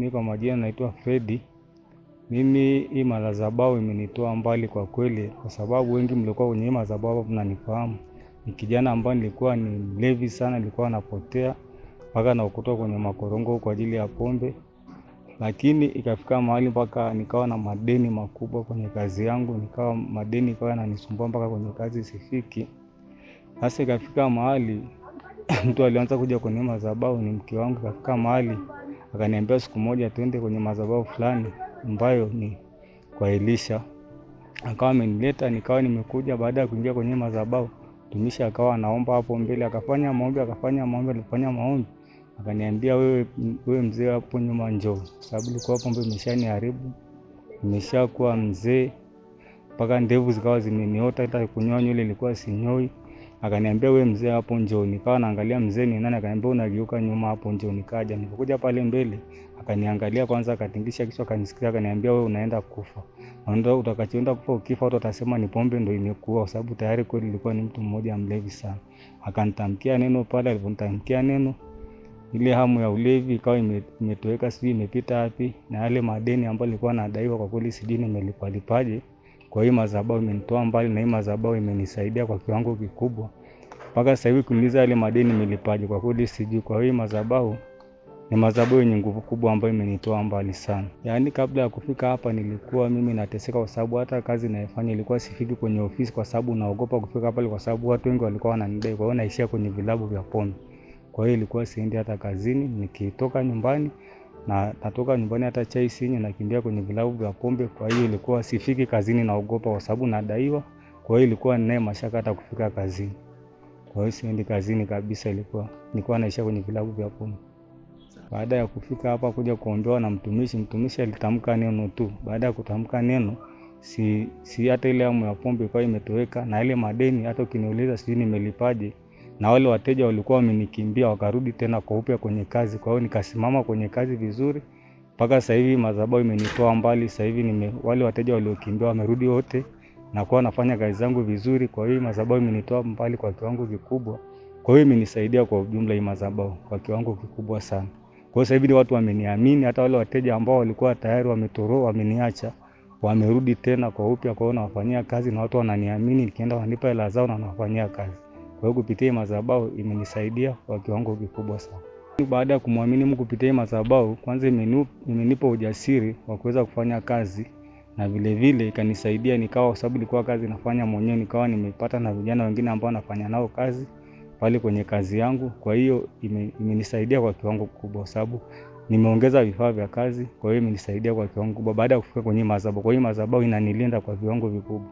mi kwa majina naitwa Fredi. Mimi hii madhabahu imenitoa mbali kwa kweli, kwa sababu wengi mlikuwa kwenye hii madhabahu mnanifahamu. Ni kijana ambaye nilikuwa ni mlevi sana, nilikuwa napotea mpaka naokotwa kwenye makorongo kwa ajili ya pombe, lakini ikafika mahali mpaka nikawa na madeni makubwa kwenye kazi yangu, nikawa madeni ikawa yananisumbua mpaka kwenye kazi sifiki. Sasa ikafika mahali mtu alianza kuja kwenye madhabahu ni mke wangu, ikafika mahali akaniambia siku moja tuende kwenye madhabahu fulani ambayo ni kwa Elisha. Akawa amenileta nikawa nimekuja. Baada ya kuingia kwenye madhabahu, tumisha akawa anaomba hapo mbele, akafanya maombi, akafanya maombi, alifanya maombi, akaniambia wewe, wewe mzee hapo nyuma njoo, sababu ilikuwa hapo mbele imeshaniharibu, nimeshakuwa mzee mpaka ndevu zikawa zimeniota, hata kunyoa nywele ilikuwa sinyoi akaniambia wewe mzee hapo njoo. Nikawa naangalia mzee ni nani, akaniambia unageuka nyuma hapo njoo. Nikaja, nilipokuja pale mbele akaniangalia kwanza, akatingisha kichwa, akanisikia, akaniambia wewe unaenda kufa, na utakachoenda kufa, ukifa watu watasema ni pombe ndio imekuwa, kwa sababu tayari kweli nilikuwa ni mtu mmoja mlevi sana. Akanitamkia neno pale, aliponitamkia neno ile hamu ya ulevi ikawa imetoweka, sijui imepita wapi, na yale madeni ambayo nilikuwa nadaiwa kwa kweli sijui nimelipalipaje. Kwa hii madhabahu imenitoa mbali na hii madhabahu imenisaidia kwa kiwango kikubwa. Mpaka sasa hivi kuniuliza yale madeni nilipaje, kwa kweli sijui. Kwa hii madhabahu ni madhabahu yenye nguvu kubwa ambayo imenitoa mbali sana. Yaani kabla ya kufika hapa nilikuwa mimi nateseka kwa sababu hata kazi ninayofanya ilikuwa sifiki kwenye ofisi kwa sababu naogopa kufika pale kwa sababu watu wengi walikuwa wananidai. Kwa hiyo naishia kwenye vilabu vya pombe. Kwa hiyo ilikuwa siendi hata kazini, nikitoka nyumbani na natoka nyumbani hata chai sinywi, nakimbia kwenye vilabu vya pombe. Kwa hiyo ilikuwa sifiki kazini, naogopa kwa sababu nadaiwa. Kwa hiyo ilikuwa ninaye mashaka hata kufika kazini. Kwa hiyo siendi kazini kabisa, ilikuwa nilikuwa naisha kwenye vilabu vya pombe. Baada ya kufika hapa kuja kuombewa na mtumishi, mtumishi alitamka neno tu. Baada ya kutamka neno si, si hata ile hamu ya pombe ikawa imetoweka, na ile madeni hata ukiniuliza sijui nimelipaje na wale wateja walikuwa wamenikimbia wakarudi tena kwa upya kwenye kazi. Kwa hiyo nikasimama kwenye kazi vizuri mpaka sasa hivi madhabahu imenitoa mbali. Sasa hivi nime wale wateja waliokimbia wamerudi wote na kuwa nafanya kazi zangu vizuri. Kwa hiyo madhabahu imenitoa mbali kwa kiwango kikubwa. Kwa hiyo imenisaidia kwa ujumla hii madhabahu kwa kiwango kikubwa sana. Kwa hiyo sasa hivi ni watu wameniamini, hata wale wateja ambao walikuwa tayari wametoroa wameniacha wamerudi tena kwa upya. Kwa hiyo nawafanyia kazi na watu wananiamini, nikienda wanipa hela zao na nawafanyia kazi. Kwa hiyo kupitia madhabahu imenisaidia kwa kiwango kikubwa sana. Baada ya kumwamini Mungu kupitia madhabahu, kwanza imenipa ujasiri wa kuweza kufanya kazi na vilevile ikanisaidia nikawa, kwa sababu nilikuwa kazi nafanya mwenyewe, nikawa nimepata na vijana wengine ambao nafanya nao kazi pale kwenye kazi yangu. Kwa hiyo imenisaidia kwa kiwango kikubwa, sababu nimeongeza vifaa vya kazi. Kwa hiyo imenisaidia kwa kiwango kikubwa baada ya kufika kwenye madhabahu. Kwa hiyo madhabahu inanilinda kwa viwango vikubwa.